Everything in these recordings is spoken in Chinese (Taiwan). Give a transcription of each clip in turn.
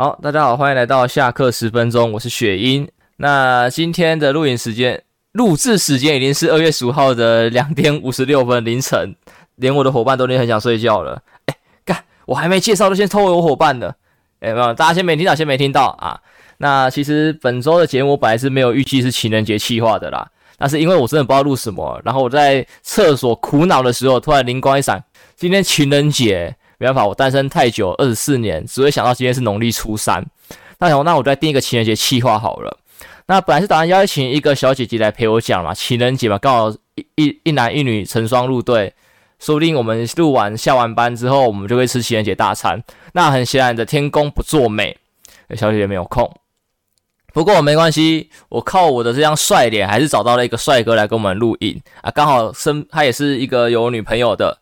好，大家好，歡迎來到下課十分鐘，我是雪英。那今天的錄影時間、錄製時間已經是二月十五號的兩點五十六分凌晨，連我的夥伴都已經很想睡覺了。誒，幹！我還沒介紹，就先偷我夥伴呢。誒，大家先沒聽到，先沒聽到啊。那其實本周的節目我本來是沒有預計是情人節企劃的啦，但是因為我真的不知道錄什麼。然後我在廁所苦惱的時候，突然靈光一閃，今天情人節。沒辦法，我單身太久，二十四年，只會想到今天是農曆初三。那行，那我再定一個情人節企劃好了。那本來是打算邀請一個小姐姐來陪我講嘛，情人節嘛，剛好一一男一女成雙入對，說不定我們錄完下完班之後，我們就會吃情人節大餐。那很顯然的，天公不作美，哎，小姐姐沒有空。不過沒關係，我靠我的這張帥臉，還是找到了一個帥哥來跟我們錄音啊，剛好生，他也是一個有女朋友的。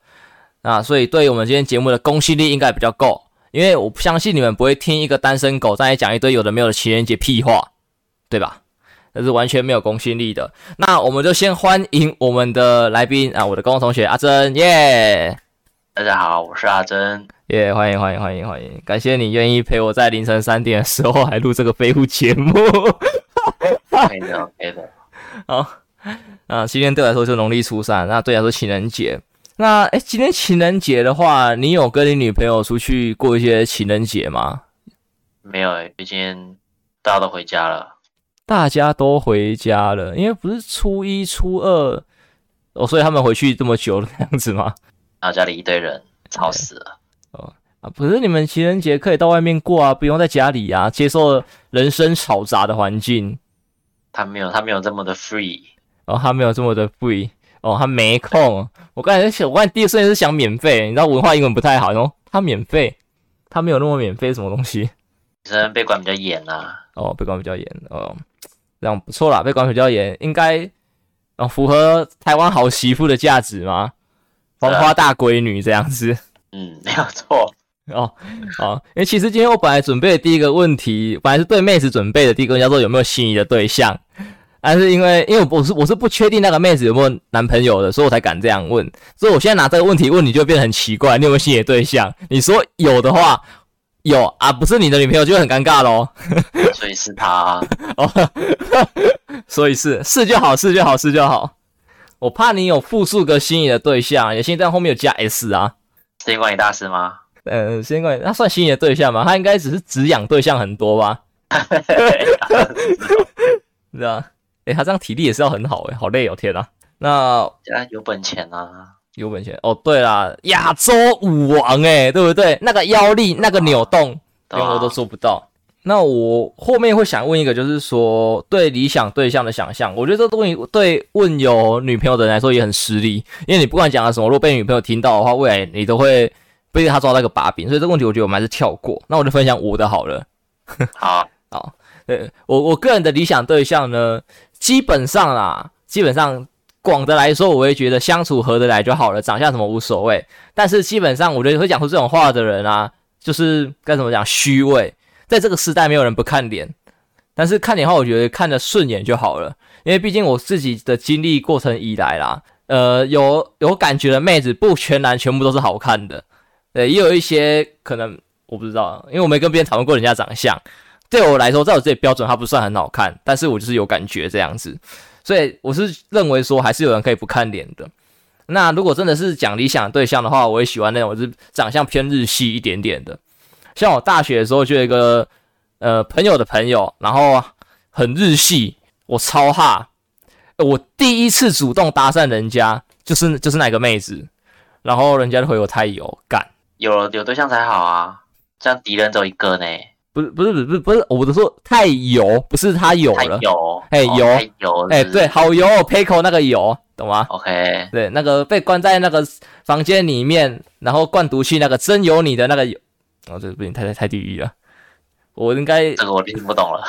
啊，所以對我們今天節目的公信力應該比較夠，因為我相信你們不會聽一個單身狗在講一堆有的沒有的情人節屁話，對吧？那是完全沒有公信力的。那我們就先歡迎我們的來賓啊，我的高中同學阿珍耶，yeah! 大家好，我是阿珍耶，yeah，歡迎歡迎歡迎歡迎，感謝你願意陪我在凌晨三點的時候還錄這個飛虎節目。沒有，沒有。好，啊，今天對我來說是農曆初三，那對來說情人節。那哎、欸，今天情人節的話，你有跟你女朋友出去過一些情人節嗎？沒有哎、欸，今天大家都回家了。大家都回家了，因為不是初一初二哦，所以他們回去這麼久了這樣子嗎？然後、啊、家裡一堆人吵死了、okay. 哦啊！可是你們情人節可以到外面過啊，不用在家裡啊，接受人聲嘈雜的環境。他沒有，他沒有這麼的 free 哦，他沒有這麼的 free 哦，他沒空。我剛才想，我剛才第一瞬間是想免費，你知道文化英文不太好，然後他免費，他沒有那麼免費什麼東西。學生被管比較嚴啊，哦，被管比較嚴，哦，這樣不錯啦，被管比較嚴，應該、哦、符合台灣好媳婦的價值嗎？黃花大閨女這樣子，嗯，沒有錯。哦，好、哦，因為其實今天我本來準備的第一個問題，本來是對妹子準備的第一個問題，叫做有沒有心儀的對象。但是因為，因為我是我是不確定那個妹子有沒有男朋友的，所以我才敢這樣問。所以我現在拿這個問題問你，就會變得很奇怪。你有沒有心儀的對象？你說有的話，有啊，不是你的女朋友就會很尷尬咯。所以是他啊。哦， 所以是是就好，是就好，是就好。我怕你有複數個心儀的對象，有些在後面有加 s 啊。時間管理大師嗎？嗯，時間管理，那他算心儀的對象嗎？他應該只是只養對象很多吧。對 啊。 哎、欸，他這樣體力也是要很好哎、欸，好累哦，天哪、啊！那現在有本錢啊，有本錢哦。對啦，亞洲舞王哎、欸，對不對？那個腰力，那個扭動，啊、我都做不到、啊。那我後面會想問一個，就是說對理想對象的想象。我覺得這東西對問有女朋友的人來說也很失禮，因為你不管講了什麼，如果被女朋友聽到的話，未來你都會被他抓到一個把柄。所以這問題我覺得我們還是跳過。那我就分享我的好了。啊、 好，好，我我個人的理想對象呢？基本上啦、啊，基本上廣的來說，我會覺得相處合得來就好了，長相什麼無所謂。但是基本上，我覺得會講出這種話的人啊，就是該怎麼講，虛偽。在這個時代，沒有人不看臉，但是看臉的話，我覺得看着順眼就好了。因為畢竟我自己的經歷過程以來啦，呃，有有感覺的妹子不全然全部都是好看的，呃，也有一些可能我不知道，因為我沒跟別人討論過人家長相。對我來說，在我自己標準，它不算很好看，但是我就是有感覺這樣子，所以我是認為說還是有人可以不看臉的。那如果真的是講理想的對象的話，我也喜歡那種我是長相偏日系一點點的。像我大學的時候就有一個呃朋友的朋友，然後很日系，我超哈。我第一次主動搭訕人家，就是就是那個妹子，然後人家就回我太有干。有了，有對象才好啊，這樣敵人只有一個呢。不是不是不是，不是，我的說太油，不是他油了，有，哎油，哎、欸哦欸、對，好油、哦，pickle 那個油，懂嗎？OK，對，那個被關在那個房間裡面，然後灌毒氣那個真有你的那個油，哦，這不行，太太太地獄了，我應該這個我聽不懂了，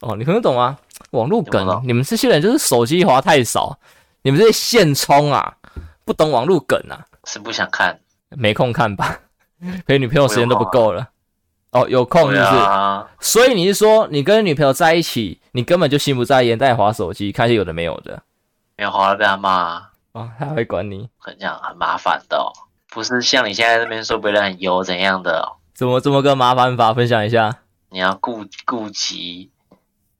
哦，你可能懂嗎？網絡梗，你們這些人就是手機滑太少，你們這些現充啊，不懂網絡梗啊，是不想看，沒空看吧？陪女朋友時間都不夠了。哦，有空就是，不是、啊，所以你是說你跟女朋友在一起，你根本就心不在焉，在划手機，看些有的沒有的，沒有划了被她罵、啊，哦，她會管你，很像很麻煩的、哦，不是像你現在這邊說別人很油怎樣的、哦，怎麼怎麼個麻煩法？分享一下，你要顧顧及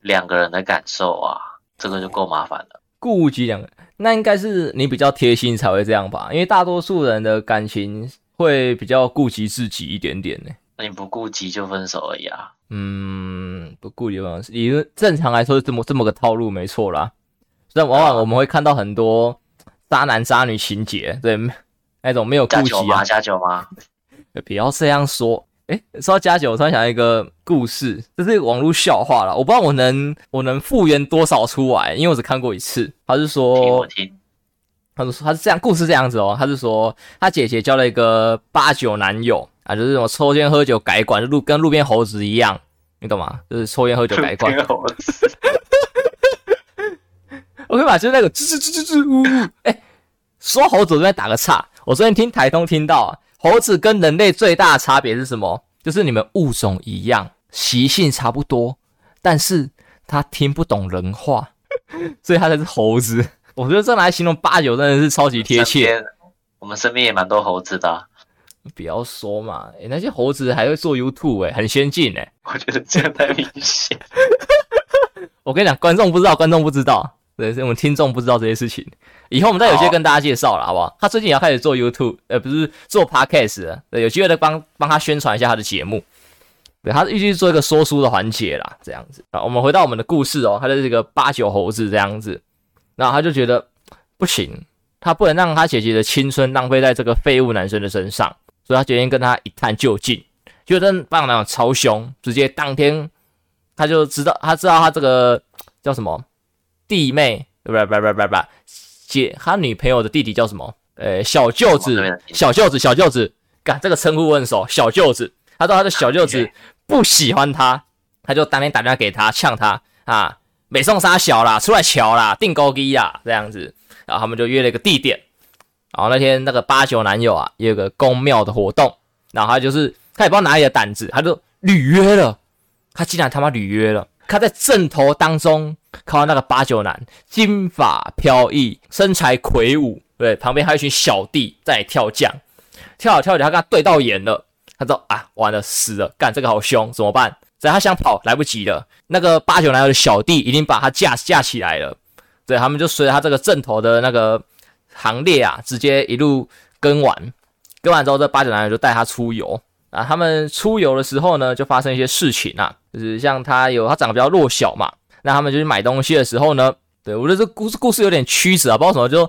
兩個人的感受啊，這個就夠麻煩了，顧及兩個，那應該是你比較貼心才會這樣吧，因為大多數人的感情會比較顧及自己一點點呢、欸。那你不顧及就分手而已啊。嗯，不顧及嘛，以正常來說是這麼這麼個套路，沒錯啦。但往往我們會看到很多渣男渣女情節，對，那種沒有顧及啊。加九嗎？加九嗎？不 要這樣說。哎、欸，說到加九，我突然想到一個故事，就是一個網絡笑話了。我不知道我能我能復原多少出來，因為我只看過一次。他是說，聽我聽。他是說他是這樣故事這樣子哦。他是說他姐姐交了一個八九男友。啊，就是什麼抽煙喝酒改管路，跟路邊猴子一樣，你懂嗎？就是抽煙喝酒改管。猴子 ，OK 吧？就是那個吱吱吱吱吱，嗚嗚。誒、欸、說猴子我這邊打個岔，我昨天聽台通聽到、啊，猴子跟人類最大的差別是什麼？就是你們物種一樣，習性差不多，但是他聽不懂人話，所以他才是猴子。我覺得這樣來形容八九真的是超級貼切。今天，我們身邊也蠻多猴子的。不要說嘛！誒、欸、那些猴子還會做 YouTube 哎、欸，很先進誒、欸、我覺得這樣太明顯。 我跟你講，觀眾不知道，觀眾不知道，對，所以我們聽眾不知道這些事情。以後我們再有機會跟大家介紹了，好不好，好？他最近也要開始做 YouTube，呃、欸，不是做 Podcast，了對，有機會再幫幫他宣傳一下他的節目。對，他預計做一個說書的環節啦，這樣子啊。好，我們回到我們的故事哦、喔，他的這個八九猴子這樣子，然後他就覺得不行，他不能讓他姐姐的青春浪費在這個廢物男生的身上。所以他決定跟他一探究竟，就得棒棒超凶，直接當天他就知道，他知道他這個叫什麼弟妹，不是不是不是不是姐，他女朋友的弟弟叫什麼？呃、欸，小舅子，小舅子，小舅子，幹，這個稱呼問手，小舅子。他說他的小舅子不喜歡他，他就當天打電話給他嗆他啊，美頌三小啦，出來喬啦，釘孤枝呀，這樣子，然後他們就約了一個地點。然後那天那個八九男友啊，也有個宮廟的活動，然後他就是他也不知道哪裡的膽子，他就履約了，他竟然他媽履約了。他在陣頭當中看到那個八九男，金髮飄逸，身材魁梧，對，旁邊還有一群小弟在跳將，跳着跳着，他跟他對到眼了，他說啊，完了，死了，幹這個好凶，怎麼辦？所以他想跑，來不及了，那個八九男友的小弟已經把他架架起來了，對，他們就隨着他這個陣頭的那個。行列啊，直接一路跟完，跟完之後，這八九男友就帶他出遊啊。那他們出遊的時候呢，就發生一些事情啊，就是像他有他長得比較弱小嘛，那他們就去買東西的時候呢，對，我覺得這故事故事有點曲折啊，不知道什麼就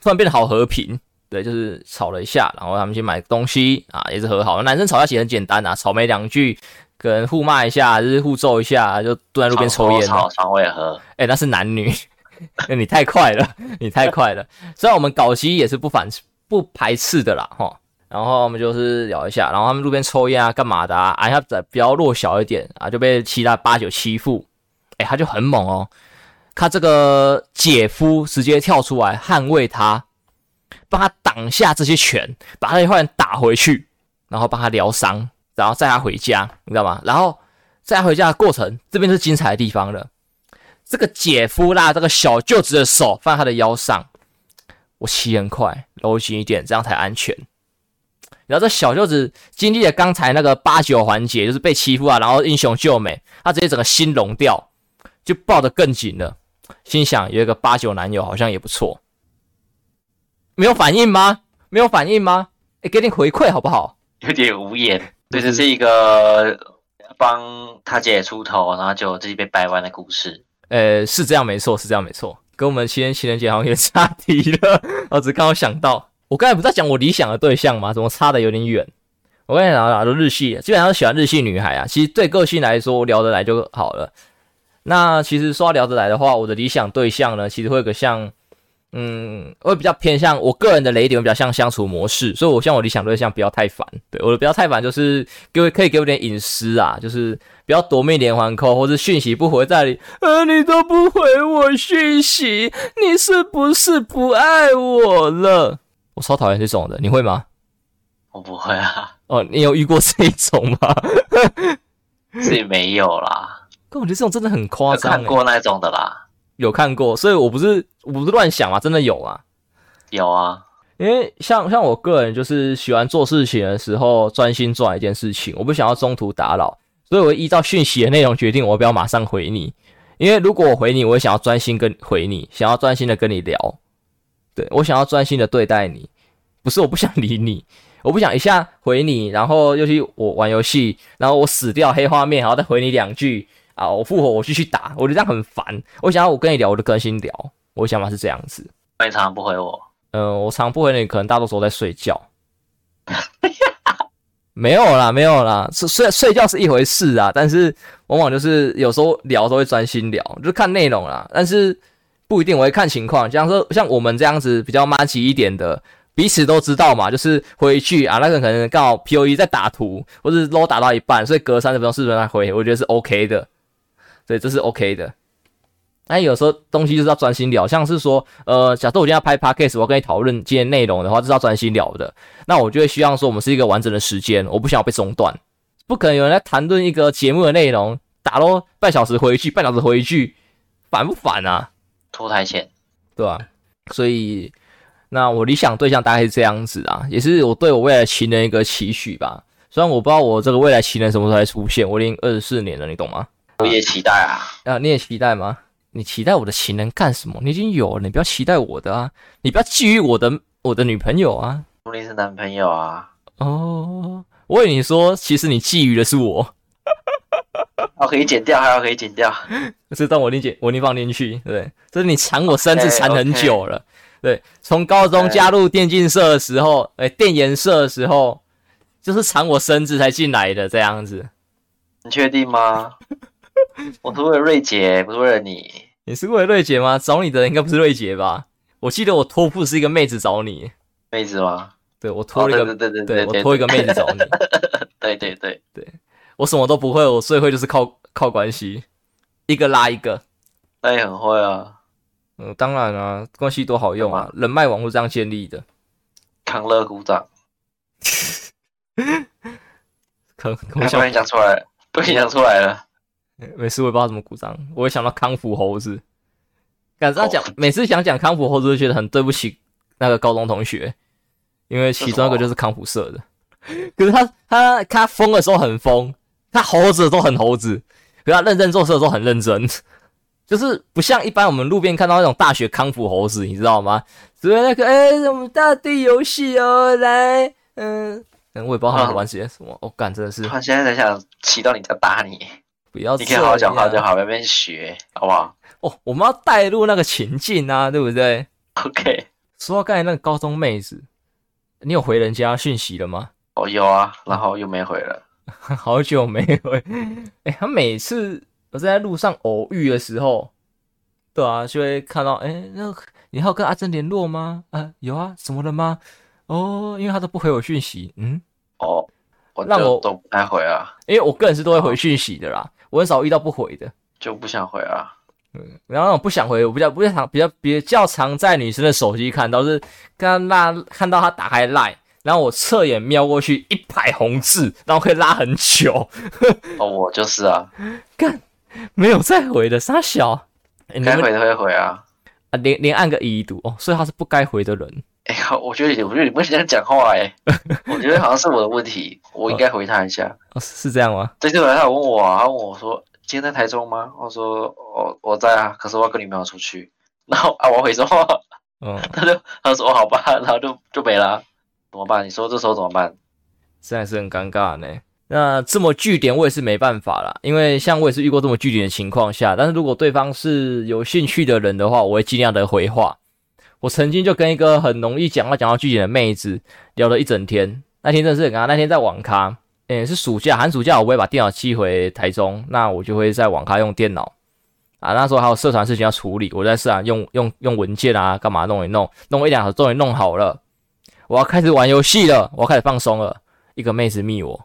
突然變得好和平，對，就是吵了一下，然後他們去買東西啊，也是和好。男生吵架其實很簡單啊，吵沒兩句，可能互罵一下，就是互揍一下，就蹲在路邊抽菸、啊。吵吵也喝。哎、欸，那是男女。 你太快了，你太快了。雖然我們搞基也是不反不排斥的啦，哈。然後我們就是聊一下，然後他們路邊抽菸啊，幹嘛的啊？啊，他比較弱小一點啊，就被其他八九欺負。哎、欸，他就很猛哦。他這個姐夫直接跳出來捍衛他，幫他擋下這些拳，把他那些壞人打回去，然後幫他療傷，然後載他回家，你知道嗎？然後載他回家的過程，這邊是精彩的地方了。這個姐夫拉這個小舅子的手，放在他的腰上。我騎很快，摟緊一點，這樣才安全。然後這小舅子經歷了剛才那個八九環節，就是被欺負啊，然後英雄救美，他直接整個心融掉，就抱得更緊了，心想有一個八九男友好像也不錯。沒有反應嗎？沒有反應嗎？哎，給你回饋好不好？有點無言。對，這是一個幫他姐出頭，嗯，然後就自己被掰彎的故事。呃，是這樣沒錯，是這樣沒錯，跟我們的七天情人節好像有點差題了。我只剛好想到，我剛才不是在講我理想的對象嗎？怎麼差得有點遠？我跟你講，哪都日系，基本上都喜歡日系女孩啊。其實對個性來說，聊得來就好了。那其實說聊得來的話，我的理想對象呢，其實會有個像。嗯，我比較偏向我個人的雷點，比較像相處模式，所以我希望我理想對象不要太煩，對，我不要太煩，就是給我可以給我點隱私啊，就是不要奪命連環扣，或是訊息不回在裡呃，你都不回我訊息，你是不是不愛我了？我超討厭這種的，你會嗎？我不會啊。哦，你有遇過這一種嗎？這也 沒有啦。我覺得這種真的很誇張，欸。我看過那種的啦。有看過，所以我不是我不是亂想啊，真的有啊，有啊，因為像像我個人就是喜歡做事情的時候專心做一件事情，我不想要中途打擾，所以我依照訊息的內容決定我不要馬上回你，因為如果我回你，我也想要專心跟回你，想要專心的跟你聊，對，我想要專心的對待你，不是我不想理你，我不想一下回你，然後尤其我玩遊戲，然後我死掉黑畫面，然後再回你兩句。啊！我復活，我繼續打，我覺得這樣很煩。我想要我跟你聊，我就更新聊。我想法是這樣子。你常不回我？嗯、呃，我常不回你，可能大多時候在睡覺。 沒有啦，沒有啦，睡睡睡覺是一回事啊，但是往往就是有時候聊的時候會專心聊，就看內容啦。但是不一定，我會看情況。假如說，像我們這樣子比較麻吉一點的，彼此都知道嘛，就是回去啊，那個人可能剛好 PoE 在打圖，或者 low 打到一半，所以隔三十分鐘四十分來回，我覺得是 OK 的。對，這是 OK 的。但有時候東西就是要專心聊，像是說，呃，假設我今天要拍 Podcast，我要跟你討論今天內容的話，就是要專心聊的。那我就會希望說，我們是一個完整的時間，我不想要被中斷。不可能有人來談論一個節目的內容，打咯半小時回去，半小時回去，煩不煩啊？拖台線，對吧、啊？所以，那我理想對象大概是這樣子啊，也是我對我未來情人一個期許吧。雖然我不知道我這個未來情人什麼時候出現，我已經二十四年了，你懂嗎？我也期待啊！啊，你也期待嗎？你期待我的情人幹什麼？你已經有了，你不要期待我的啊！你不要覬覦我的我的女朋友啊！我你是男朋友啊！哦、oh,，我以為你說，其實你覬覦的是我。哈哈哈哈哈！可以剪掉，還要可以剪掉。這 段我另減，我另放進去，對，不是，你纏我身子纏很久了，okay, okay. 對，從高中加入電競社的時候，哎、okay.，電研社的時候，就是纏我身子才進來的這樣子。你確定嗎？ 我是為了瑞姐，不是為了你，你是為了瑞姐嗎？找你的人應該不是瑞姐吧？我記得我托付是一個妹子找你，妹子嗎？對，我托一個、哦，對對對，對，對，對，我托一個妹子找你。 對對對對，我什麼都不會，我最會就是靠靠關係，一個拉一個，那也很會啊。嗯，當然啊，關係多好用啊，人脈網絡是這樣建立的。康樂鼓掌。 可可笑，被你講出來了，不想你講出來了。每、嗯、次我也不知道怎麼鼓掌，我會想到康輔猴子。趕着講，oh. 每次想講康輔猴子，都覺得很對不起那個高中同學，因為其中一個就是康輔社的。可是他他他瘋的時候很瘋，他猴子的都很猴子，可是他認真做事的時候很認真，就是不像一般我們路邊看到那種大學康輔猴子，你知道嗎？只是那個哎、欸，我們大地遊戲哦來嗯，嗯，我也不知道他們玩些什麼。我、啊、感、哦、真的是，他現在在想騎到你家打你。你要你看好講話就好，慢慢學，好不好？哦，我們要帶入那個情境啊，對不對？OK。說到剛才那個高中妹子，你有回人家訊息了嗎？哦、oh,，有啊，然後又沒回了， 好久沒回。哎、欸，他每次我在路上偶遇的時候，對啊，就會看到，哎、欸，那你還有跟阿珍聯絡嗎？啊，有啊，什麼的嗎？哦，因為他都不回我訊息，嗯，哦，那我都不太回啊，因為我個人是都會回訊息的啦。Oh. 我很少遇到不回的，就不想回啊。嗯，然後那種不想回，我比較不想，比較,比較,比,較,比,較比較常在女生的手機看到，就是剛拉看到她打開 Line，然後我側眼瞄過去，一排紅字，然後可以拉很久。哦、 oh,，我就是啊，幹，沒有再回的啥小，欸，該回的會回啊，啊連連按個已讀哦，所以他是不該回的人。哎呀，我覺得，我覺得你不這樣講話哎、欸，我覺得好像是我的問題， 我應該回他一下。哦哦，是這樣嗎？對對對，他問我說，問我說今天在台中嗎？我說我我在啊，可是我要跟女朋友出去，然後啊我回什麼？嗯、哦，他就他說好吧，然後就就沒了，怎麼辦？你說這時候怎麼辦？現在是很尷尬呢。那這麼句點，我也是沒辦法了，因為像我也是遇過這麼句點的情況下，但是如果對方是有興趣的人的話，我會盡量的回話。我曾經就跟一個很容易講話、講到句尾的妹子聊了一整天。那天真的是很剛剛，剛剛那天在網咖，誒、欸，是暑假、寒暑假，我會把電腦寄回台中，那我就會在網咖用電腦啊。那時候還有社團事情要處理，我在社團用用用文件啊，幹嘛弄一弄，弄一兩個小時終於弄好了。我要開始玩遊戲了，我要開始放鬆了。一個妹子密我，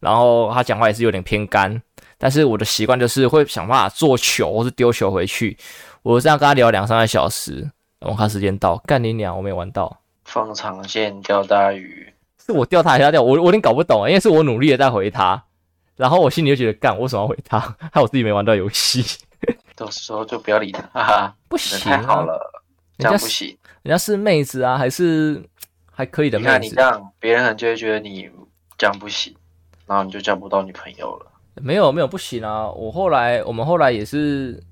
然後她講話也是有點偏乾，但是我的習慣就是會想辦法做球，或是丟球回去。我這樣跟她聊兩三個小時。我、哦、怕時間到，幹你娘！我沒有玩到，放長線釣大魚，是我釣他還是他釣我，我有點搞不懂啊，因為是我努力的在回他，然後我心裡又覺得幹，我為什麼要回他，害我自己沒玩到遊戲。到時候就不要理他，哈哈，不行、啊，太好了，人家不行，人家是妹子啊，還是還可以的妹子。那你，你這樣，別人就會覺得你這樣不行，然後你就交不到女朋友了。沒有沒有不行啊，我後來我們後來也是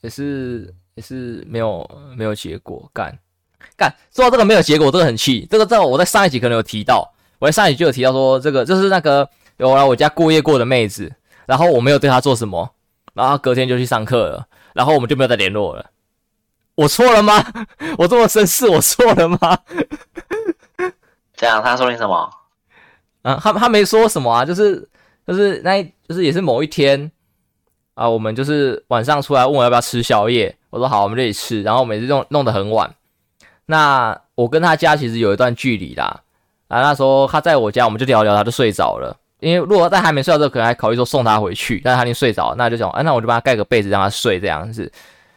也是。也是沒有沒有結果，干幹說到這個沒有結果，我真的很氣。這個在、這個、我在上一集可能有提到，我在上一集就有提到說，這個就是那個有來、啊、我家過夜過的妹子，然後我沒有對她做什麼，然後隔天就去上課了，然後我們就沒有再聯絡了。我錯了嗎？我這麼紳士，我錯了嗎？這樣他說你什麼？啊、嗯，他他沒說什麼啊，就是就是那，就是也是某一天。啊，我們就是晚上出來問我要不要吃宵夜，我說好，我們這裡吃，然後每次弄弄得很晚。那我跟他家其實有一段距離啦，啊，那時候他在我家，我們就聊聊，他就睡着了。因為如果在還沒睡着的時候，可能還考慮說送他回去，但是他已經睡着，那就想，哎，那我就幫他蓋個被子，讓他睡這樣子。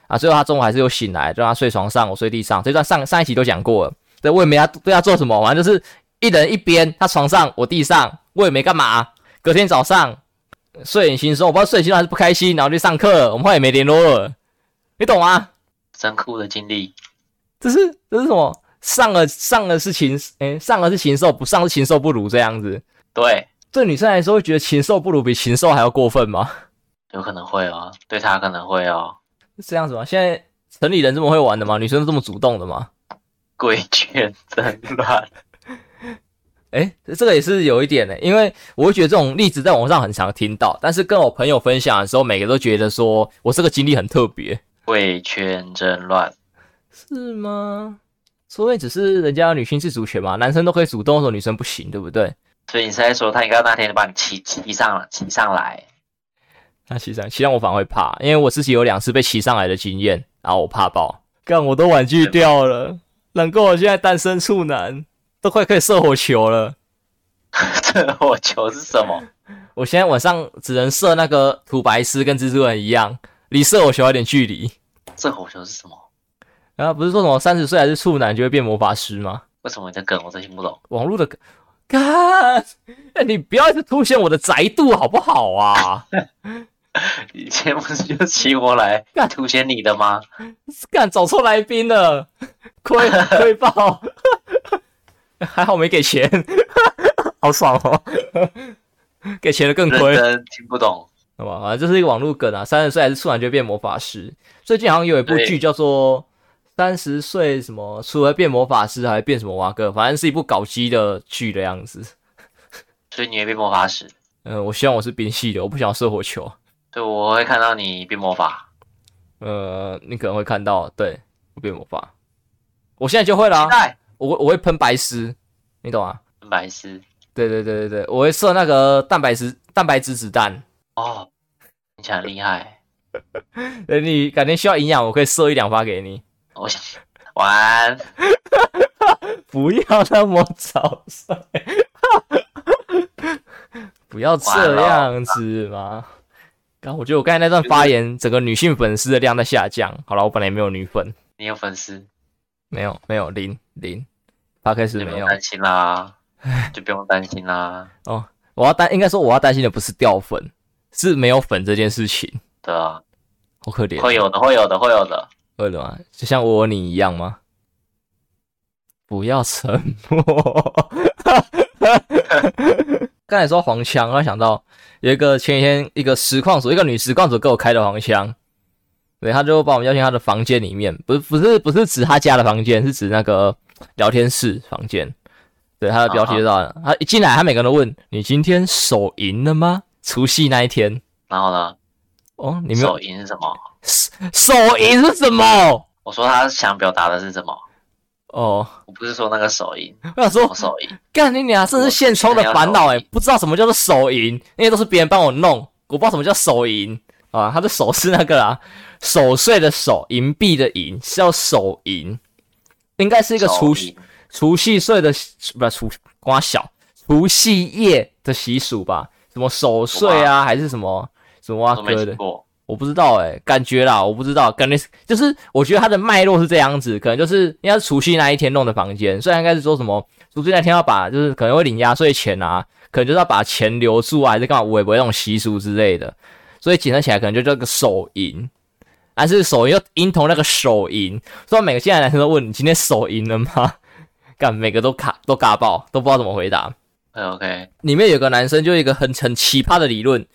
啊，最後他中午還是又醒來，就讓他睡床上，我睡地上，這段上上一集都講過了，對，我也沒要對他做什麼，反正就是一人一邊，他床上我地上，我也沒幹嘛。隔天早上。睡眼惺忪，我不知道睡醒了還是不開心，然後就上課，我們後來也沒聯絡了，你懂嗎？真酷的經歷。這是這是什麼？上了上了是禽，誒、欸、上了是禽獸，不上是禽獸不如這樣子。對，對女生來說會覺得禽獸不如比禽獸還要過分嗎？有可能會哦，對她可能會哦，是這樣子嗎？現在城裡人這麼會玩的嗎？女生這麼主動的嗎？鬼圈真亂。 哎、欸，這個也是有一點的，因為我會覺得這種例子在網上很常聽到，但是跟我朋友分享的時候，每個都覺得說我這個經歷很特別。味圈真亂，是嗎？所以只是人家的女性自主權嘛，男生都可以主動，說女生不行，對不對？所以你是在說他應該那天就把你騎騎上，騎上來。那、啊、騎上騎上我反而會怕，因為我自己有兩次被騎上來的經驗，然後我怕爆，幹，我都婉拒掉了，難怪我現在單身處男。都快可以射火球了， 射火球是什麼？我現在晚上只能射那個土白絲，跟蜘蛛人一樣，離射火球有點距離。射火球是什麼？後、啊、不是說什麼三十歲還是處男就會變魔法師嗎？為什麼你的梗我都聽不懂？網絡的梗，幹、欸！你不要一直凸顯我的宅度好不好啊？ 以前不是就騎我來幹凸顯你的嗎？幹走錯來賓了，虧虧爆！ 還好沒給錢， 好爽哦！ 給錢的更虧。聽不懂，好吧，反正就是一個網絡梗啊。三十歲還是處男就變魔法師？最近好像有一部劇叫做《三十歲什麼除了變魔法師還是變什麼挖哥》，反正是一部搞基的劇的樣子。所以你也變魔法師？嗯、呃，我希望我是冰系的，我不想要射火球。對，我會看到你變魔法。呃，你可能會看到，對，我變魔法。我現在就會了、啊。我我會噴白絲，你懂啊？噴白絲，對對對對對，我會射那個蛋白絲、蛋白質子彈。哦，你想厲害。欸、你感覺需要營養，我可以射一兩發給你。我想完，玩 不要那麼早睡。 不要這樣子嘛。剛我覺得我剛才那段發言，就是、整個女性粉絲的量在下降。好了，我本來也沒有女粉。你有粉絲？沒有，沒有，零，零。零他開始沒有擔心啦，就不用擔心啦。 哦，我要擔，應該說我要擔心的不是掉粉，是沒有粉這件事情。對啊，好可憐。會有的，會有的，會有的。會的嗎？就像我你一樣嗎？不要沉默。 剛 才說黃腔，我想到有一個前一天一個實況主，一個女實況主給我開的黃腔。對，他就會把我們邀請他的房間裡面，不是不是不是指他家的房間，是指那個。聊天室房間，對他的標題是、啊，他一進來，他每個人都問你今天手淫了嗎？除夕那一天，然後呢？哦，你們手淫是什麼？手淫是什麼我？我說他想表達的是什麼？哦，我不是說那個手淫。我想說我手淫。「幹你娘！這是現充的煩惱哎，不知道什麼叫做手淫，那些都是別人幫我弄，我不知道什麼叫手淫。啊。他的手是那個啦、啊，守歲的守，銀幣的銀，是叫手淫。應該是一個除夕除夕歲的不除夕除夕夜的習俗吧？什麼守歲啊，還是什麼什麼啊？哥的我麼，我不知道哎、欸，感覺啦，我不知道，感覺就是我覺得它的脈絡是這樣子，可能就是應該是除夕那一天弄的房間，雖然應該是說什麼除夕那天要把就是可能會領壓歲錢啊，可能就是要把錢留住啊，還是幹嘛？我也不會那種習俗之類的？所以簡單起來，可能就叫個守銀。還是手淫，嬰同那個手淫，所以每個現在男生都問你今天手淫了嗎？幹，每個都卡都尬爆，都不知道怎麼回答。OK，裡面有個男生就一個很很奇葩的理論，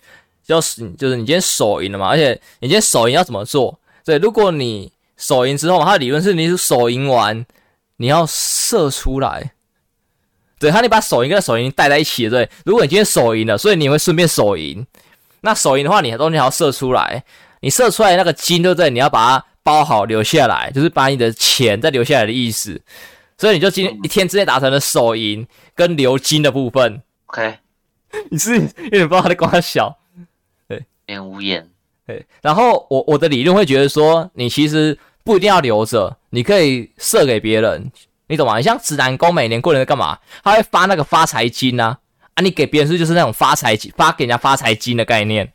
就是就是你今天手淫了嘛？而且你今天手淫要怎麼做？對，如果你手淫之後嘛，他的理論是你是手淫完你要射出來。對他，你把手淫跟手淫帶在一起，對？如果你今天手淫了，所以你會順便手淫。那手淫的話，你的東西還要射出來。你射出來的那個金對不對？你要把它包好留下來，就是把你的錢再留下來的意思。所以你就今天一天之內達成了手淫跟留金的部分。OK， 你是有點不它的在刮小，對，臉無言。對，然後我我的理論會覺得說，你其實不一定要留着，你可以射給別人，你懂嗎？你像紫南宮每年過年的幹嘛？他會發那個發財金啊，啊，你給別人是，不是就是那種發財金發給人家發財金的概念。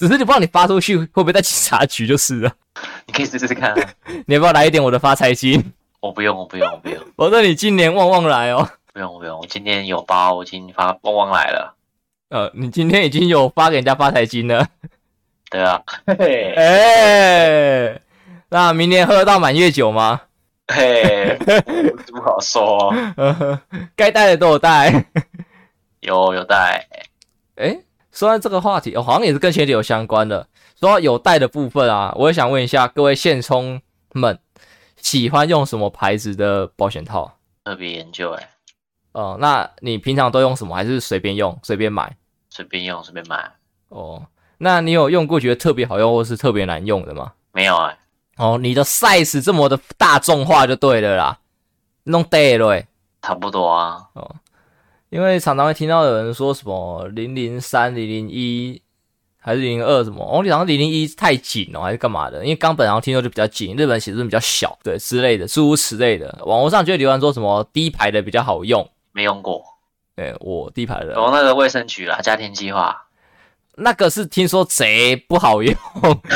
只是你不知道你發出去會不會在警察局就是啊，你可以試試看、啊， 你要不要來一點我的發財金？我不用，我不用，我不用。我說你今年旺旺來哦。不用不用，我今天有包，我已經發旺旺來了。呃，你今天已經有發給人家發財金了。對啊。 嘿。哎，那明年喝得到滿月酒嗎？ 嘿，不好說、啊 呃。嗯，該帶的都有帶 。有有帶。誒、欸說完這個話題，哦、好像也是跟兄弟有相關的。說到有帶的部分啊，我也想問一下各位現充們，喜歡用什麼牌子的保險套？特別研究誒、欸、哦，那你平常都用什麼？還是隨便用、隨便買？隨便用、隨便買。哦，那你有用過覺得特別好用，或是特別難用的嗎？沒有啊、欸。哦，你的 size 這麼的大眾化就對了啦，弄帶了誒。差不多啊。哦。因為常常會聽到有人說什麼零零三、零零一還是零零二什麼，我、哦、好像零零一太緊了、哦，還是幹嘛的？因為岡本好像聽說就比較緊，日本寫字比較小，對之類的，諸如此類的。網絡上就會留言說什麼 D 牌的比較好用，沒用過。哎，我 D 牌的，哦，那個衛生局啦，家庭計劃，那個是聽說賊不好用，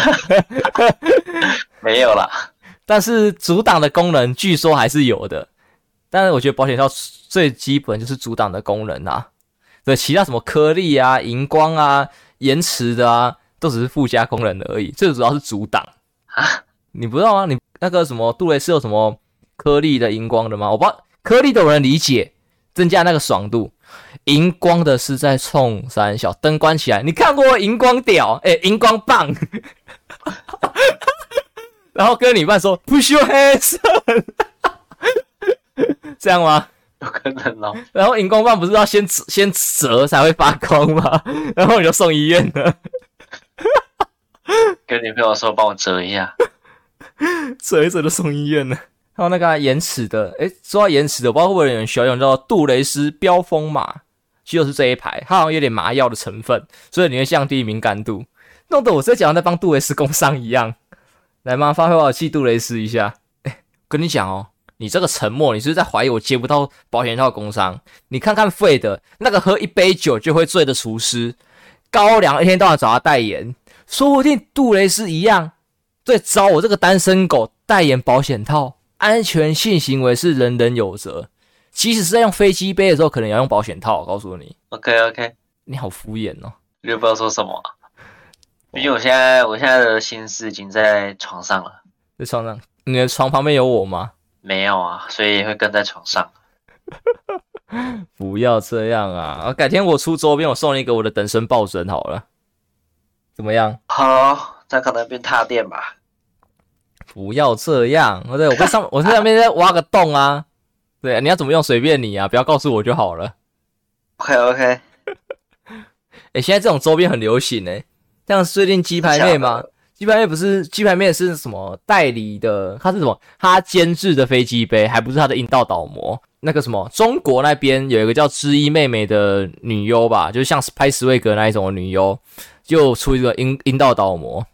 沒有啦，但是阻擋的功能據說還是有的。但是我覺得保險套最基本就是阻擋的功能吶、啊，對，其他什麼顆粒啊、熒光啊、延遲的啊，都只是附加功能的而已。最主要是阻擋啊，你不知道嗎？你那個什麼杜蕾斯有什麼顆粒的熒光的嗎？我不知道，顆粒的我能理解，增加那個爽度。熒光的是在衝三小燈關起來，你看過熒光屌？誒熒光棒 然後跟女伴說，Push your hands。這樣嗎？有可能哦。然後熒光棒不是要先折先折才會發光嗎？然後你就送醫院了。 跟女朋友說，幫我折一下，折一折就送醫院了。還有那個延遲的，哎、欸，說到延遲的，我不知道會不會有人喜歡用叫做杜蕾斯飆風馬，其實就是這一排，它好像有點麻藥的成分，所以你會降低敏感度，弄得我這講像在幫杜蕾斯工商一樣。來嗎，發揮我氣杜蕾斯一下。哎、欸，跟你講哦。你這個沉默，你是不是在懷疑我接不到保險套工商？你看看費德那個喝一杯酒就會醉的廚師，高粱一天到晚找他代言，說不定杜蕾斯一樣在找我這個單身狗代言保險套。安全性行為是人人有責，即使是在用飛機杯的時候，可能也要用保險套。我告訴你，OK OK，你好敷衍哦，你又不知道說什麼。畢竟我現在，我現在的心思已經在床上了，在床上，你的床旁邊有我嗎？沒有啊，所以會跟在床上。 不要這樣啊！啊，改天我出周邊，我送你一個我的等身抱枕好了，怎麼樣？好，他可能變踏墊吧。不要這樣，對，我在上面，啊，我在上面再挖個洞啊。啊對，你要怎麼用隨便你啊，不要告訴我就好了。OK OK，欸。哎，現在這種周邊很流行哎，這樣最近雞排類嗎？雞排麵，不是雞排麵，是什麼代理的？他是什麼？他監製的飛機杯，還不是他的陰道倒模？那個什麼？中國那邊有一個叫知音妹妹的女優吧，就像拍 SWAG 那一種的女優，就出一個陰陰道倒模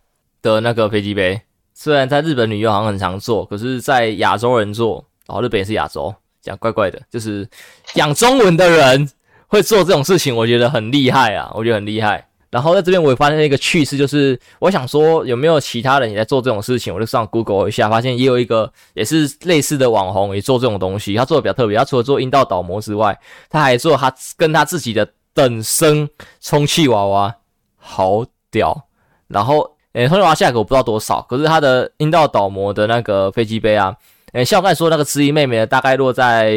的那個飛機杯。雖然在日本女優好像很常做，可是在亞洲人做，然、哦、後日本也是亞洲，講怪怪的，就是講中文的人會做這種事情，我覺得很厲害啊！我覺得很厲害。然後在這邊我也發現一個趣事，就是我想說有沒有其他人也在做這種事情？我就上 Google 一下，發現也有一個也是類似的網紅也做這種東西。他做的比較特別，他除了做陰道倒模之外，他還做他跟他自己的等身充氣娃娃，好屌。然後，誒，充氣娃娃價格我不知道多少，可是他的陰道倒模的那個飛機杯啊，誒，像我剛才說那個知音妹妹的大概落在，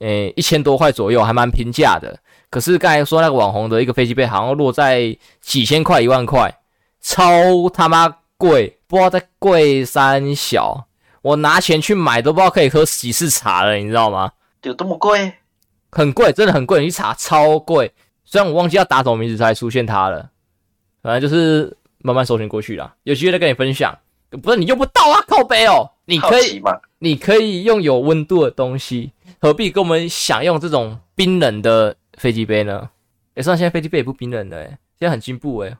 誒，一千多塊左右，還蠻平價的。可是剛才說那個網紅的一個飛機杯，好像落在幾千塊、一萬塊，超他媽貴，不知道在貴三小，我拿錢去買都不知道可以喝幾次茶了，你知道嗎？有這麼貴，很貴，真的很貴，你去查超貴。雖然我忘記要打什麼名字才出現它了，反正就是慢慢搜尋過去了。有機會再跟你分享。不是你用不到啊，靠杯哦，你可以，好奇嗎？你可以用有溫度的東西，何必跟我們享用這種冰冷的？飛機杯呢？哎、欸，算，現在飛機杯也不冰冷的。哎，現在很進步、欸，哎，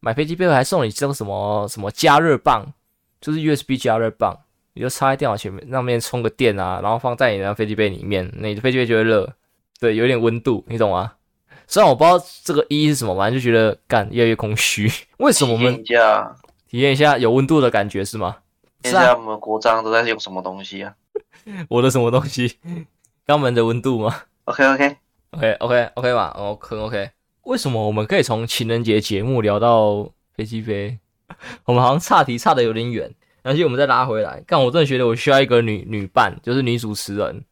買飛機杯還送你這種什麼什麼加熱棒，就是 USB 加熱棒，你就插在電腦前面那面充個電啊，然後放在你的飛機杯裡面，那你的飛機杯就會熱，對，有點溫度，你懂嗎？雖然我不知道這個一是什麼，反正就覺得乾越來越空虛，為什麼？體驗一下，體驗一下有溫度的感覺是嗎？現在我們國章都在用什麼東西啊？ 我的什麼東西？肛門的溫度嗎？OK OK。O K、okay, O K、okay, O、okay、K 吧，O K O K。Okay, okay. 為什麼我們可以從情人節節目聊到飛機杯？ 我們好像岔題岔得有點遠，而且我們再拉回來。但我真的覺得我需要一個女女伴，就是女主持人，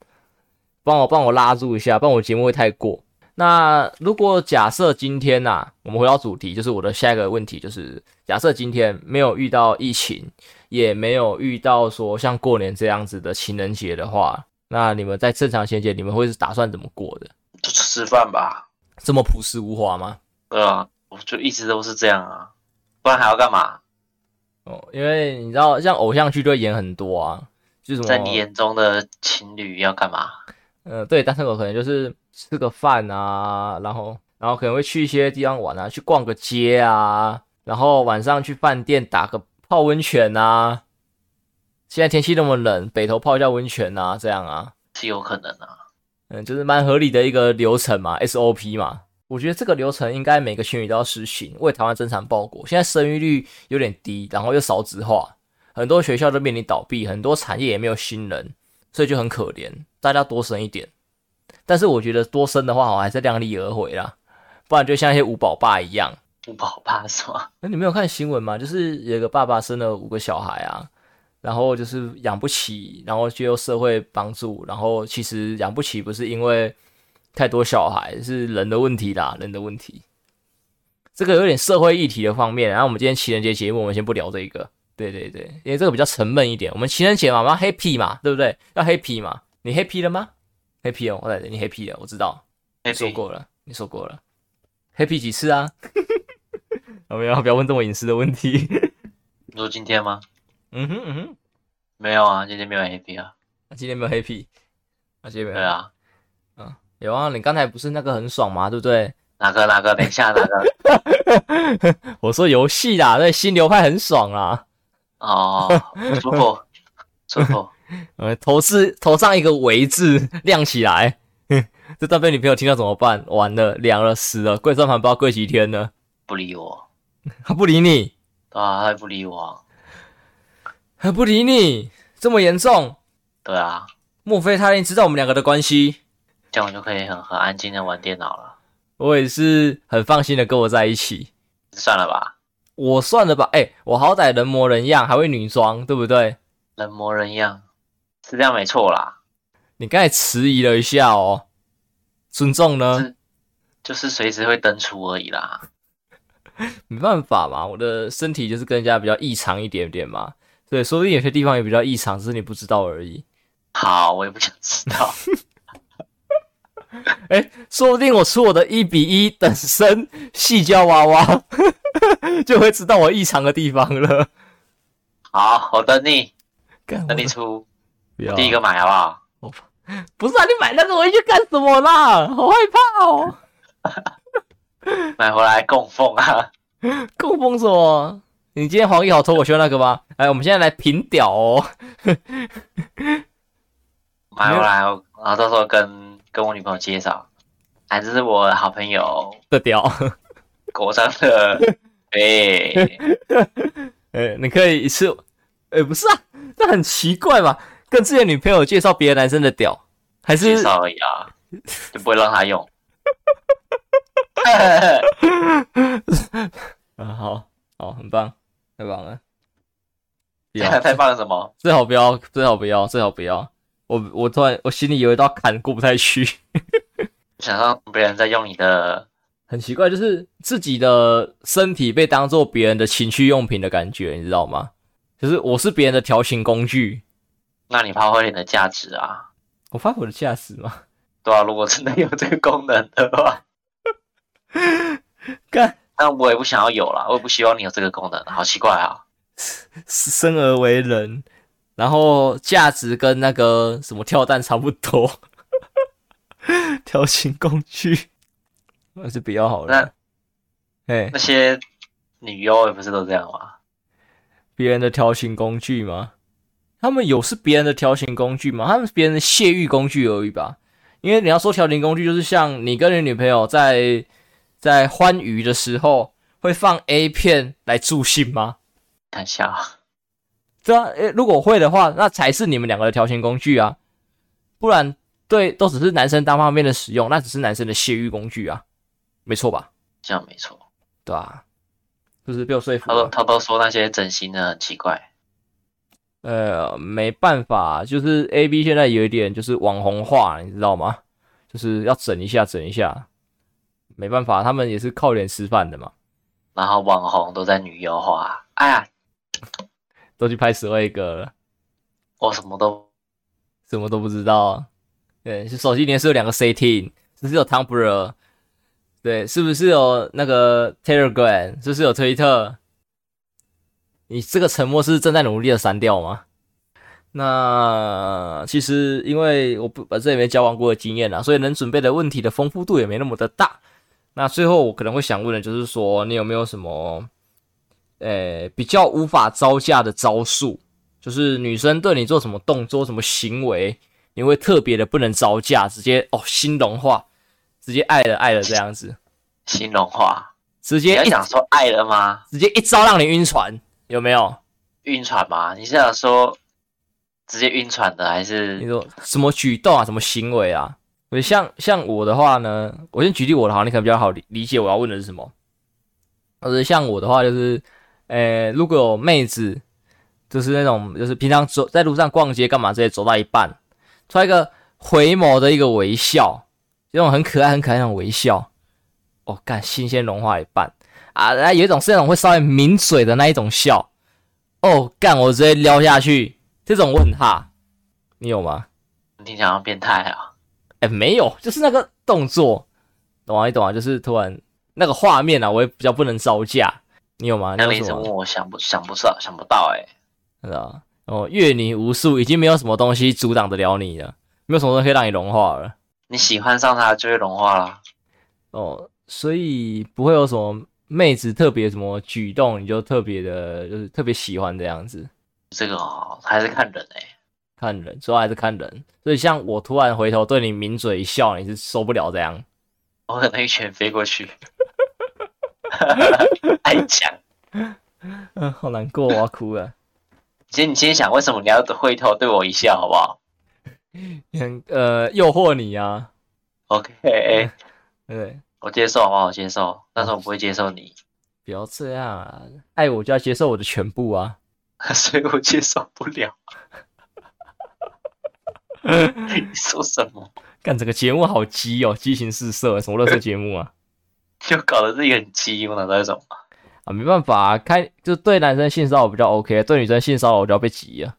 幫我幫我拉住一下，不然我節目會太過。那如果假設今天吶、啊，我們回到主題，就是我的下一個問題就是，假設今天沒有遇到疫情，也沒有遇到說像過年這樣子的情人節的話，那你們在正常情人節，你們會是打算怎麼過的？就吃飯吧，這麼樸實無華嗎？對、嗯、啊，我就一直都是這樣啊，不然還要幹嘛？哦，因為你知道，像偶像劇就會演很多啊，就什麼在你眼中的情侶要幹嘛？呃，對，單身狗可能就是吃個飯啊，然後然後可能會去一些地方玩啊，去逛個街啊，然後晚上去飯店打個泡溫泉啊。現在天氣那麼冷，北投泡一下溫泉啊，這樣啊，是有可能啊。嗯，就是蠻合理的一個流程嘛，SOP 嘛。我覺得這個流程應該每個情侶都要實行，為台灣增產報國。現在生育率有點低，然後又少子化，很多學校都面臨倒閉，很多產業也沒有新人，所以就很可憐。大家多生一點，但是我覺得多生的話，我還是量力而為啦，不然就像一些五寶爸一樣。五寶爸是嗎？那你沒有看新聞嗎？就是有個爸爸生了五個小孩啊。然後就是養不起，然後就有社會幫助。然後其實養不起不是因為太多小孩，是人的問題啦，人的問題。這個有點社會議題的方面。然後我們今天情人節節目，我們先不聊這一個。對對對，因為這個比較沉悶一點。我們情人節嘛，我們要 Happy 嘛，對不對？要 Happy 嘛？你 Happy 了嗎？Happy 哦，對，你 Happy 了，我知道。Happy。你說過了，你說過了。Happy 幾次啊？有、 啊、沒有？不要問這麼隱私的問題。你說今天嗎？嗯哼嗯哼，沒有啊，今天沒有 happy 啊，啊，今天沒有黑皮那、啊、今天沒有。對啊，嗯、啊，有啊，你剛才不是那個很爽嗎？對不對？哪個哪個？等一下哪個？ 我說遊戲啦，那新流派很爽啦。哦，不錯，不 錯，呃， 頭飾頭上一個維字亮起來， 這段被女朋友聽到怎麼辦？完了，涼了，死了，跪鍵盤不知道跪幾天呢？不理我，他 不理你。對啊，他也不理我、啊。還不理你，這麼嚴重？對啊，莫非他已經知道我們兩個的關係？這樣我就可以很很安靜的玩電腦了。我也是很放心的跟我在一起。算了吧，我算了吧。哎、欸，我好歹人模人樣，還會女裝，對不對？人模人樣，是這樣沒錯啦。你剛才遲疑了一下哦，尊重呢？是，就是隨時會登出而已啦。 沒辦法嘛，我的身體就是跟人家比較異常一點點嘛。對，說不定有些地方也比較異常，只是你不知道而已。好，我也不想知道。哎、 欸，說不定我出我的一比一等身矽膠娃娃， 就會知道我異常的地方了。好，我等你。那，你出第一個買好不好？我不、啊、不是啊，你買那個回去幹什麼啦？好害怕哦。 買回來供奉啊。供奉什麼？你今天黃衣好抽我喜那個嗎？哎，我們現在來評屌哦。買 回來，我來我，然後到時候跟跟我女朋友介紹。哎，這是我好朋友的屌，國上的。哎、 欸，哎、欸，你可以一次。哎、欸，不是啊，這很奇怪嘛，跟自己的女朋友介紹別的男生的屌，還是？介紹而已啊，就不會讓他用。 欸、 嗯，好好，很棒。太棒了！太棒了！什麼？最好不要，最好不要，最好不要。我我突然我心裡有一道坎過不太去， 想讓別人在用你的。很奇怪，就是自己的身體被當做別人的情趣用品的感覺，你知道嗎？就是我是別人的調情工具。那你發揮你的價值啊！我發揮我的價值嗎？對啊，如果真的有這個功能的話，幹。 那我也不想要有了，我也不希望你有這個功能，好奇怪啊、喔！生而為人，然後價值跟那個什麼跳蛋差不多，調 情工具，那是比較好的。那嘿、欸，那些女優不是都這樣嗎？別人的調情工具嗎？他們有是別人的調情工具嗎？他們是別人的洩慾工具而已吧？因為你要說調情工具，就是像你跟你女朋友在。在歡愉的時候會放 A 片來助興嗎？看一下啊這樣，哎、欸，如果會的話，那才是你們兩個的調情工具啊。不然，對，都只是男生單方面的使用，那只是男生的洩慾工具啊。沒錯吧？這樣沒錯。對啊。就是被我說服了。他都他都說那些整形的很奇怪。呃，沒辦法、啊，就是 A B 現在有一點就是網紅化、啊，你知道嗎？就是要整一下，整一下。沒辦法，他們也是靠臉吃飯的嘛。然後網紅都在女優化，哎呀， 都去拍十位哥了。我什麼都什麼都不知道。對，手機裡面是有兩個 C T，這是有 Tumblr。對，是不是有那個 Telegram？是不是有推特？你這個沉默是，是正在努力的刪掉嗎？那其實因為我不我這裡沒交往過的經驗啦，所以能準備的問題的豐富度也沒那麼的大。那最後我可能會想問的，就是說你有沒有什麼，誒、欸、比較無法招架的招數，就是女生對你做什麼動作、什麼行為，你會特別的不能招架，直接哦心融化，直接愛了愛了這樣子，心融化，直接你想說愛了嗎？直接一招讓你暈船，有沒有暈船嗎？你是想說直接暈船的，還是你說什麼舉動啊，什麼行為啊？像像我的話呢，我先舉例我的話，你可能比較好理，理解我要問的是什麼。就是像我的話，就是，呃、欸，如果有妹子，就是那種，就是平常走在路上逛街幹嘛之類，走到一半，出來一個回眸的一個微笑，這種很可愛很可愛的那種微笑，哦，幹，新鮮融化一半啊，還，有一種是那種會稍微抿嘴的那一種笑，哦，幹，我直接撩下去，這種我很怕，你有嗎？你挺想要變態啊？哎，沒有，就是那個動作，懂啊？你懂啊，就是突然那個畫面啊，我也比較不能招架。你有嗎？你有什麼啊、那個女生我想不想不上想不到想不到哎，知道、啊、哦，閱你無數，已經沒有什麼東西阻擋得了你了，沒有什麼東西可以讓你融化了。你喜歡上他就會融化了。哦，所以不會有什麼妹子特別什麼舉動，你就特別的就是特別喜歡這樣子。這個啊、哦，還是看人哎、欸。看人，主要還是看人。所以像我突然回頭對你抿嘴一笑，你是受不了這樣，我可能一拳飛過去。愛 講，嗯、呃，好難過，我要哭了。先你先想，為什麼你要回頭對我一笑，好不好？你很呃，誘惑你啊。OK，欸、呃、對我接受好不好？我接受，但是我不會接受你。不要這樣啊，愛我就要接受我的全部啊， 所以我接受不了。 你說什麼？幹，整個節目好基哦，激情四射，什麼樂色節目啊？ 就搞得自己很基，我哪知道什麼？啊，沒辦法、啊，開就對男生性騷擾比較 OK，對女生性騷擾我就要被擠啊，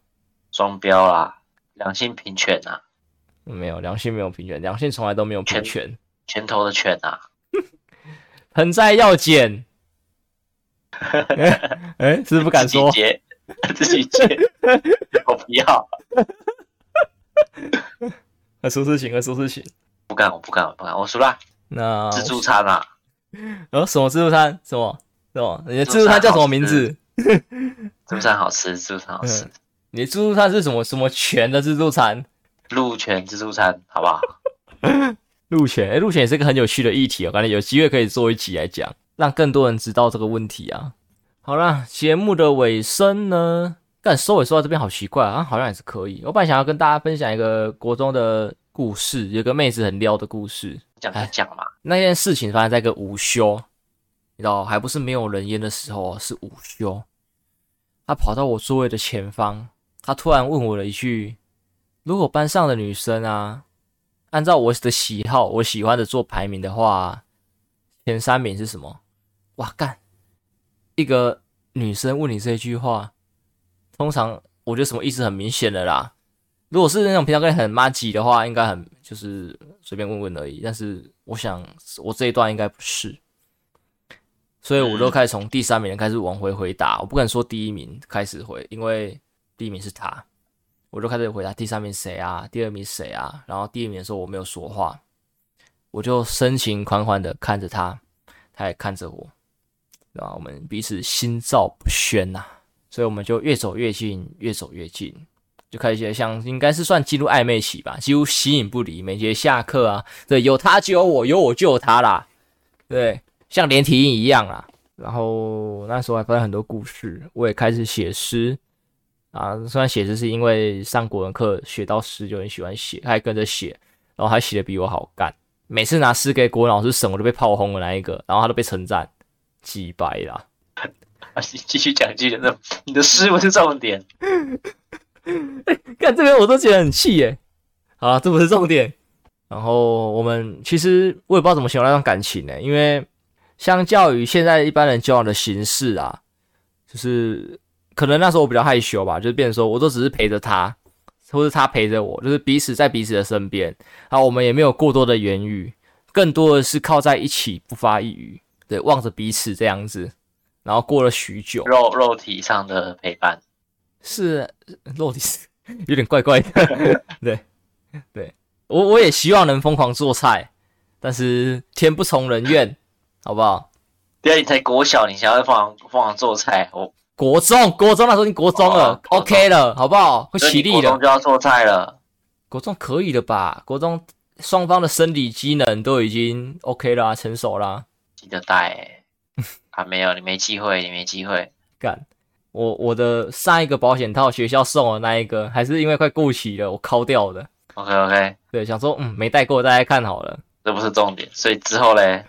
雙標啦、啊，兩性平權吶、啊？沒有，兩性，沒有平權，兩性從來都沒有平權，拳頭的拳啊，盆 栽要剪，哎、 欸欸，只是不敢說，自己剪，自己剪，我不要。呃，說事情，呃，說事情，不幹，我不幹，我不幹，我輸了。那自助餐啊？呃、哦，什麼自助餐？什麼什麼？你的自助餐叫什麼名字？自助餐好吃，自助餐好吃。蜘蛛好吃，嗯、你的自助餐是什麼什麼全的自助餐？鹿泉自助餐，好不好？ 鹿泉。誒、欸、鹿泉也是一個很有趣的議題，我感覺有機會可以做一集來講，讓更多人知道這個問題啊。好啦，節目的尾聲呢？但說一說到這邊好奇怪啊，啊，好像也是可以。我本來想要跟大家分享一個國中的故事，有個妹子很撩的故事。講講嘛。那件事情發生在一個午休，你知道，還不是沒有人煙的時候，是午休。她跑到我座位的前方，她突然問我了一句：“如果班上的女生啊，按照我的喜好，我喜歡的做排名的話，前三名是什麼？”哇幹！一個女生問你這一句話。通常我覺得什麼意思很明顯了啦，如果是那種平常跟人很麻吉的話，應該很就是隨便問問而已。但是我想我這一段應該不是，所以我就開始從第三名開始往回回答。我不敢說第一名開始回，因為第一名是他，我就開始回答第三名誰啊，第二名誰啊，然後第一名的時候我沒有說話，我就深情款款的看着他，他也看着我，對吧？我們彼此心照不宣吶。所以我們就越走越近，越走越近，就開始像，應該是算進入曖昧期吧，幾乎形影不離，每節下課啊，對，有他就有我，有我就有他啦，對，像連體嬰一樣啊。然後那時候還發生很多故事，我也開始寫詩啊，雖然寫詩是因為上國文課學到詩就很喜歡寫，他還跟着寫，然後還寫的比我好幹。每次拿詩給國文老師審，我都被炮轟的那一個，然後他都被稱讚，幾白啦。啊，繼續講繼續講，你的詩不是重點。看 這邊，我都覺得很氣耶。好，這不是重點。然後我們其實我也不知道怎麼形容那段感情呢，因為相較於現在一般人交往的形式啊，就是可能那時候我比較害羞吧，就是變成說我都只是陪着他，或是他陪着我，就是彼此在彼此的身邊。然後我們也沒有過多的言語，更多的是靠在一起不發一語，對，望着彼此這樣子。然後過了許久，肉肉體上的陪伴是、啊、肉體是有點怪怪的， 對對，我我也希望能瘋狂做菜，但是天不從人願， 好不好？第二你才國小，你想要瘋狂瘋狂做菜？國國中，國中那時候你國中了、啊、，OK 了，好不好？會起立了，國中就要做菜了，國中可以的吧？國中雙方的生理機能都已經 OK 了、啊，成熟了、啊，記得帶、欸。還、啊、沒有，你沒機會，你沒機會。幹，我我的上一個保險套，學校送的那一個，還是因為快過期了，我摳掉的。OK OK，對，想說嗯沒帶夠，大家看好了，這不是重點。所以之後嘞，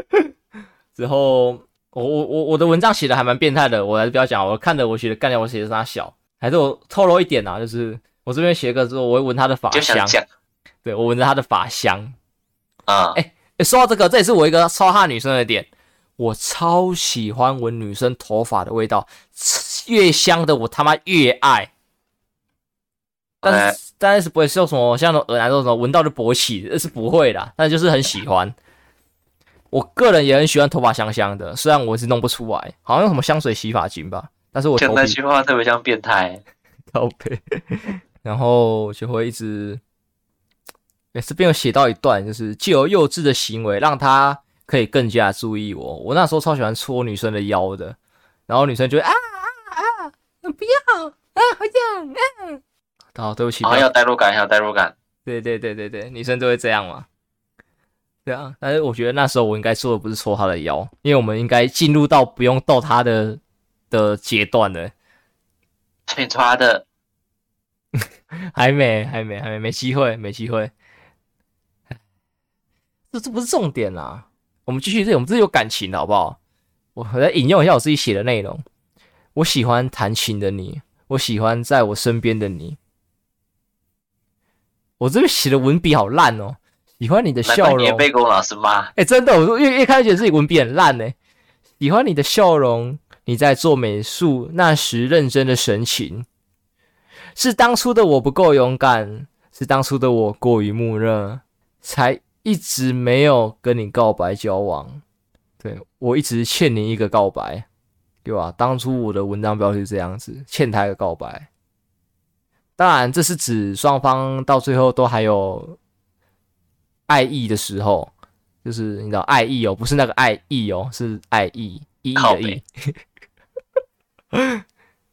之後我我我我的文章寫的還蠻變態的，我還是不要講。我看着我寫的幹掉我寫的是他小，還是我透露一點啊，就是我這邊寫個之後，我會聞他的髮香就想。對，我聞着他的髮香。啊、嗯，哎、欸欸，說到這個，這也是我一個超漢女生的點。我超喜歡聞女生頭髮的味道，越香的我他媽越愛。但是，欸、但是不會是有什麼像那種恶男那種什麼聞到就勃起，那是不會的，但是就是很喜歡。我個人也很喜歡頭髮香香的，雖然我一直弄不出來，好像用什麼香水洗髮精吧。但是我覺得那句話特別像變態、欸，然後就會一直。欸，這邊有寫到一段，就是藉由幼稚的行為讓他。可以更加注意我。我那時候超喜歡戳女生的腰的，然後女生就會啊啊啊，不要啊，好癢啊。好、啊，對不起。然、哦、後要代入感，要代入感。對對對對對，女生就會這樣嘛？對啊。但是我覺得那時候我應該做的不是戳她的腰，因為我們應該進入到不用逗她的的階段了。搓她的， 還沒，還沒，還沒，沒機會，沒機會。這 這不是重點啊！我們繼續這我們自己有感情的，好不好？我來引用一下我自己寫的內容：我喜歡彈琴的你，我喜歡在我身邊的你。我這邊寫的文筆好爛哦、喔，喜歡你的笑容。年被公老師罵。哎、欸，真的，我一一開始覺得自己文筆很爛呢、欸。喜歡你的笑容，你在做美術，那時認真的神情，是當初的我不夠勇敢，是當初的我過於木訥，才。一直沒有跟你告白交往，對，我一直欠你一個告白，對吧？當初我的文章標題這樣子，欠他一個告白。當然，這是指雙方到最後都還有愛意的時候，就是你知道愛意哦，不是那個愛意哦，是愛意，意義的意。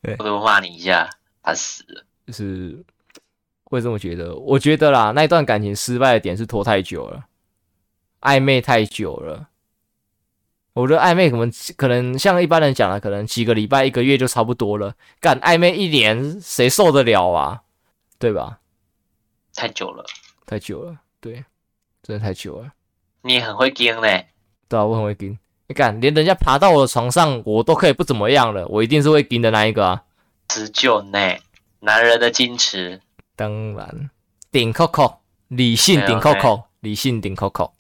我都不多罵你一下，他死了，就是。會這麼覺得？我覺得啦，那一段感情失敗的點是拖太久了，曖昧太久了。我覺得曖昧可能可能像一般人講啦，可能幾個禮拜、一個月就差不多了。幹曖昧一年，誰受得了啊？對吧？太久了，太久了，對，真的太久了。你很會 ㄍㄧㄥ 呢，對啊，我很會 ㄍㄧㄥ，你看，連人家爬到我的床上，我都可以不怎麼樣了，我一定是會 ㄍㄧㄥ 的那一個啊。持久呢，男人的矜持。當然，頂扣扣，理性頂扣扣，okay, okay. 理性頂扣扣。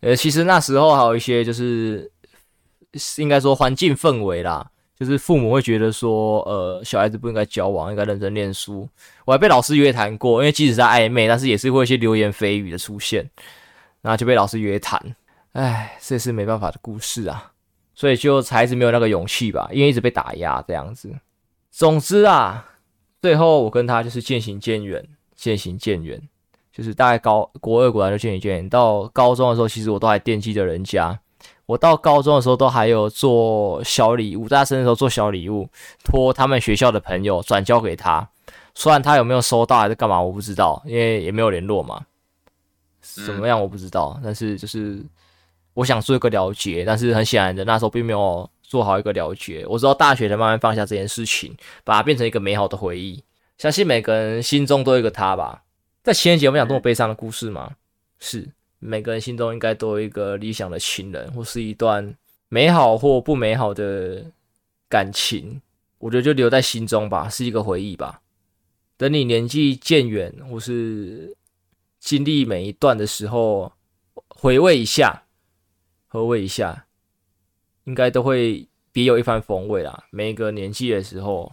呃，其實那時候還有一些，就是應該說環境氛圍啦，就是父母會覺得說，呃，小孩子不應該交往，應該認真唸書。我還被老師約談過，因為即使是曖昧，但是也是會有一些流言蜚語的出現，然後就被老師約談。唉，這也是沒辦法的故事啊，所以就才一直沒有那個勇氣吧，因為一直被打壓這樣子。總之啊。最後，我跟他就是漸行漸遠，漸行漸遠，就是大概高國二、國三就漸行漸遠。到高中的時候，其實我都還惦記着人家。我到高中的時候，都還有做小禮物，在他生日時候做小禮物，托他們學校的朋友轉交給他。雖然他有沒有收到還是幹嘛，我不知道，因為也沒有聯絡嘛，怎麼樣我不知道。但是就是我想做一個了結，但是很顯然的，那時候並沒有。做好一個了結，我知道大學才慢慢放下這件事情，把它變成一個美好的回憶。相信每個人心中都有一個他吧。在情人節，我們講這麼悲傷的故事嗎？是，每個人心中應該都有一個理想的情人，或是一段美好或不美好的感情。我覺得就留在心中吧，是一個回憶吧。等你年紀漸遠，或是經歷每一段的時候，回味一下，回味一下。應該都會別有一番風味啦。每一個年紀的時候，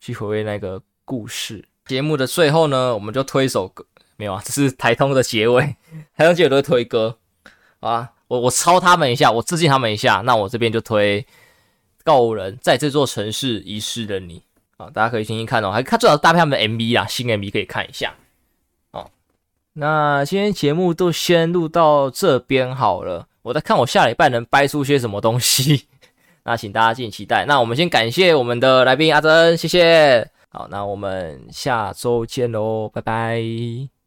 去回味那個故事。節目的最後呢，我們就推一首歌，沒有啊，這是台通的結尾。台通結尾都會推歌好啊，我我抄他們一下，我致敬他們一下。那我這邊就推告五人《在這座城市遺失的你》啊，大家可以聽聽看哦，還看，最好搭配他們的 MV 啦，新 MV 可以看一下哦。那今天節目都先錄到這邊好了。我在看我下禮拜能掰出些什麼東西， 那請大家敬請期待。那我們先感謝我們的來賓阿珍，謝謝。好，那我們下周見嘍，拜拜。